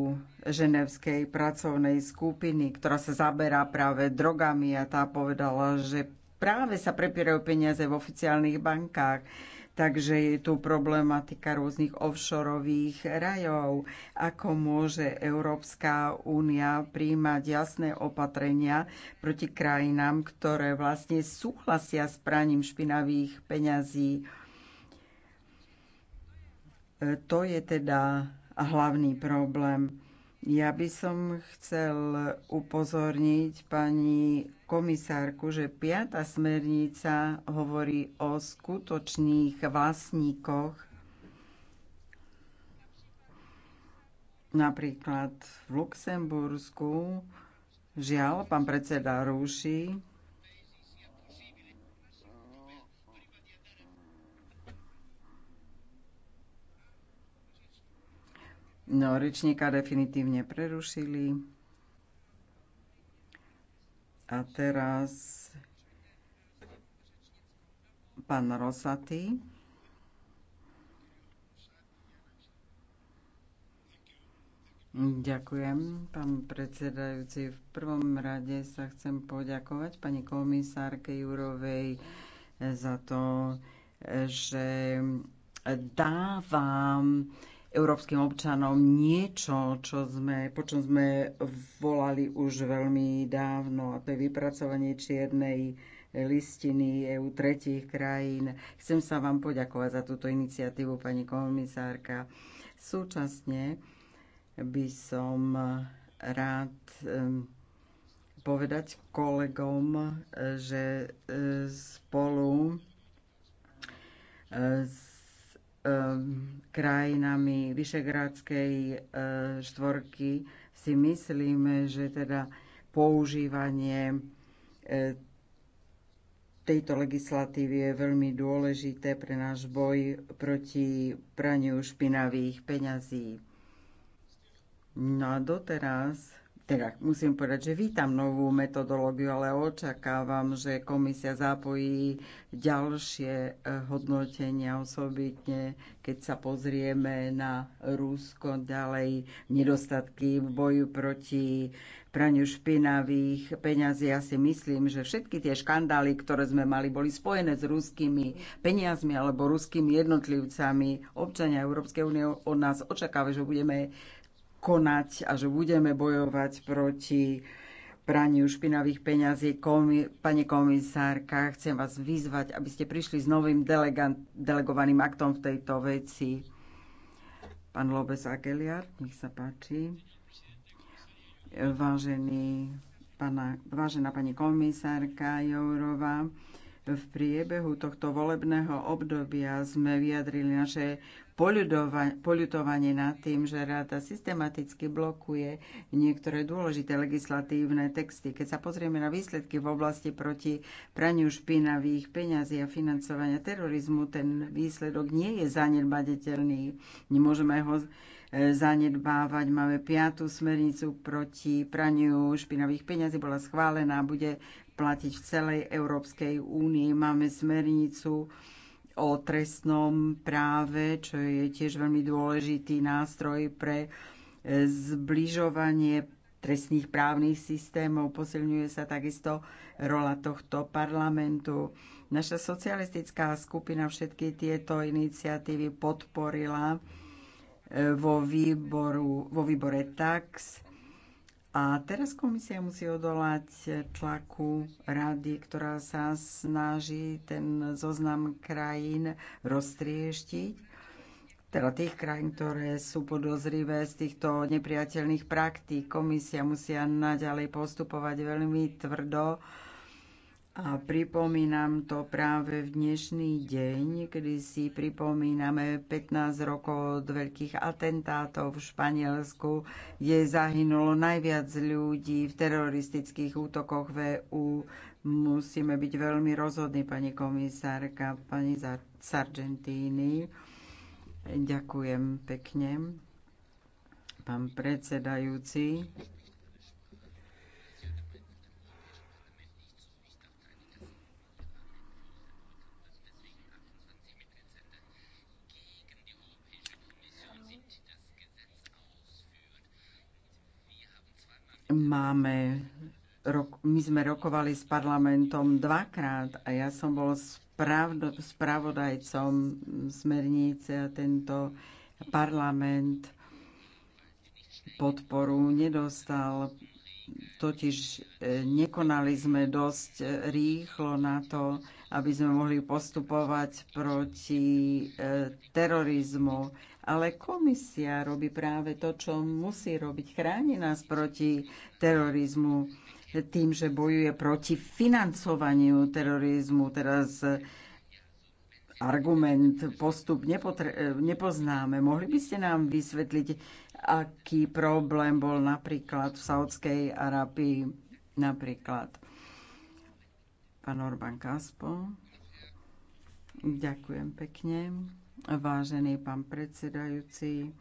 Ženevskej pracovnej skupiny, ktorá sa zaberá práve drogami a tá povedala, že práve sa prepierajú peniaze v oficiálnych bankách. Takže je tu problematika rôznych offshoreových rajov. Ako môže Európska únia príjmať jasné opatrenia proti krajinám, ktoré vlastne súhlasia s praním špinavých peňazí? E, to je teda hlavný problém. Ja by som chcel upozorniť pani komisárku, že piata smernica hovorí o skutočných vlastníkoch, napríklad v Luxembursku. Žiaľ, pán predseda ruší No, rečníka definitívne prerušili. A teraz pán Rosaty. Ďakujem, pán predsedajúci. V prvom rade sa chcem poďakovať pani komisárke Jurovej za to, že dávam európskym občanom niečo, čo sme, po čom sme volali už veľmi dávno, a to je vypracovanie čiernej listiny EU tretích krajín. Chcem sa vám poďakovať za túto iniciatívu, pani komisárka. Súčasne by som rád povedať kolegom, že e, spolu e, s Ehm, krajinami Vyšegrádskej eh, štvorky si myslíme, že teda používanie eh, tejto legislatívy je veľmi dôležité pre náš boj proti praniu špinavých peňazí. No a doteraz teda musím povedať, že vítam novú metodológiu, ale očakávam, že komisia zapojí ďalšie eh, hodnotenia, osobitne keď sa pozrieme na Rusko ďalej, nedostatky v boju proti praniu špinavých peňazí. Ja si myslím, že všetky tie škandály, ktoré sme mali, boli spojené s ruskými peniazmi alebo ruskými jednotlivcami. Občania Európskej únie od nás očakávajú, že budeme konať a že budeme bojovať proti praniu špinavých peňazí. Komi, pani komisárka, chcem vás vyzvať, aby ste prišli s novým delegan- delegovaným aktom v tejto veci. Pán López Ageliar, nech sa páči. Vážený, pana, vážená pani komisárka Jourová, v priebehu tohto volebného obdobia sme vyjadrili naše poľutovanie nad tým, že rada systematicky blokuje niektoré dôležité legislatívne texty. Keď sa pozrieme na výsledky v oblasti proti praniu špinavých peňazí a financovania terorizmu, ten výsledok nie je zanedbateľný. Nemôžeme ho e, zanedbávať. Máme piatú smernicu proti praniu špinavých peňazí, bola schválená, a bude platiť v celej Európskej únii. Máme smernicu o trestnom práve, čo je tiež veľmi dôležitý nástroj pre e, zbližovanie trestných právnych systémov. Posilňuje sa takisto rola tohto parlamentu. Naša socialistická skupina všetky tieto iniciatívy podporila e, vo, výboru, vo výbore TAX a teraz komisia musí odolať tlaku rady, ktorá sa snaží ten zoznam krajín roztrieštiť, teda tých krajín, ktoré sú podozrivé z týchto nepriateľných praktík. Komisia musia naďalej postupovať veľmi tvrdo a pripomínam to práve v dnešný deň, kedy si pripomíname 15 rokov od veľkých atentátov v Španielsku, kde zahynulo najviac ľudí v teroristických útokoch vU. E Musíme byť veľmi rozhodní, pani komisárka, pani Sargentini. Ďakujem pekne, pán predsedajúci. Máme, my sme rokovali s parlamentom dvakrát a ja som bol spravodajcom smernice a tento parlament podporu nedostal. Totiž e, nekonali sme dosť rýchlo na to, aby sme mohli postupovať proti e, terorizmu. Ale komisia robí práve to, čo musí robiť. Chráni nás proti terorizmu tým, že bojuje proti financovaniu terorizmu. Teraz argument, postup nepoznáme. Mohli by ste nám vysvetliť, aký problém bol napríklad v Saudskej Arabii? Napríklad. Pán Orbán Kaspo. Ďakujem pekne. Vážený pán predsedajúci,